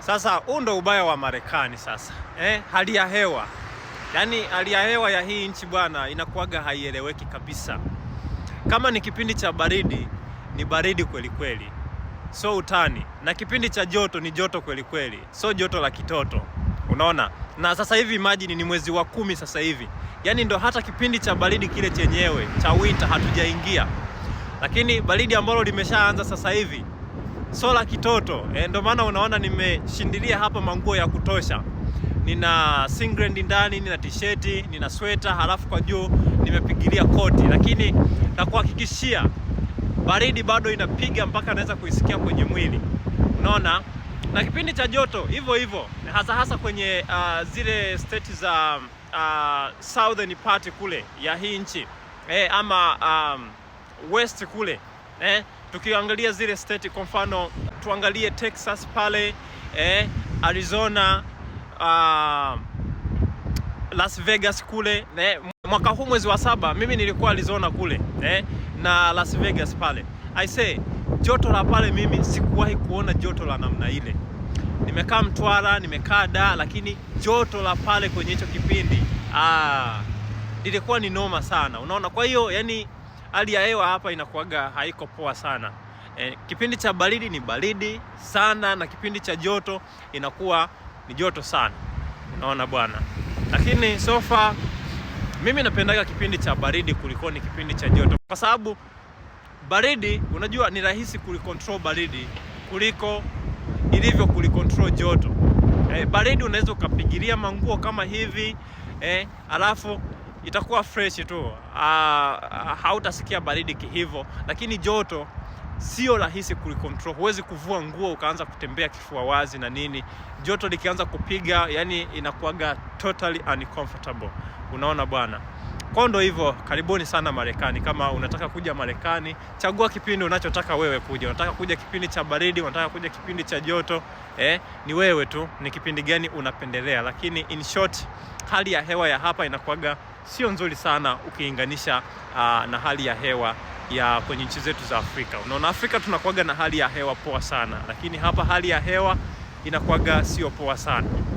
Sasa huu ndo ubaya wa Marekani sasa eh, hali ya hewa yaani, hali ya hewa ya hii nchi bwana inakuwaga haieleweki kabisa. Kama ni kipindi cha baridi ni baridi kweli kweli, so utani, na kipindi cha joto ni joto kweli kweli, so joto la kitoto, unaona. Na sasa hivi imagine ni mwezi wa kumi sasa hivi, yaani ndo hata kipindi cha baridi kile chenyewe cha winter hatujaingia, lakini baridi ambalo limeshaanza sasa hivi sola kitoto e, eh, ndio maana unaona nimeshindilia hapa manguo ya kutosha. Nina singlet ndani, nina tisheti, nina sweta, halafu kwa juu nimepigilia koti, lakini nakuhakikishia baridi bado inapiga mpaka naweza kuisikia kwenye mwili, unaona na kipindi cha joto hivyo hivyo, hasa hasa kwenye uh, zile state za uh, southern part kule ya hii nchi eh, ama um, west kule eh tukiangalia zile state, kwa mfano tuangalie Texas pale eh, Arizona uh, Las Vegas kule eh, mwaka huu mwezi wa saba mimi nilikuwa Arizona kule eh, na Las Vegas pale. I say joto la pale mimi sikuwahi kuona joto la namna ile. Nimekaa Mtwara, nimekaa da, lakini joto la pale kwenye hicho kipindi ah, lilikuwa ni noma sana, unaona. Kwa hiyo yani hali ya hewa hapa inakuwaga haiko poa sana. E, kipindi cha baridi ni baridi sana na kipindi cha joto inakuwa ni joto sana, unaona bwana. Lakini sofa mimi napendaga kipindi cha baridi kuliko ni kipindi cha joto, kwa sababu baridi, unajua ni rahisi kulikontrol baridi kuliko ilivyo kulikontrol joto. E, baridi unaweza ukapigilia manguo kama hivi e, alafu itakuwa fresh tu uh, hautasikia baridi kihivo, lakini joto sio rahisi kulikontrol. Huwezi kuvua nguo ukaanza kutembea kifua wazi na nini. Joto likianza kupiga, yani inakuwaga totally uncomfortable. Unaona bwana. Kwa ndo hivyo, karibuni sana Marekani. Kama unataka kuja Marekani, chagua kipindi unachotaka wewe kuja. Unataka kuja kipindi cha baridi, unataka kuja kipindi cha joto, eh, ni wewe tu, ni kipindi gani unapendelea. Lakini in short, hali ya hewa ya hapa inakuwaga sio nzuri sana ukilinganisha ah, na hali ya hewa ya kwenye nchi zetu za Afrika. Unaona, Afrika tunakuwaga na hali ya hewa poa sana, lakini hapa hali ya hewa inakuwaga sio poa sana.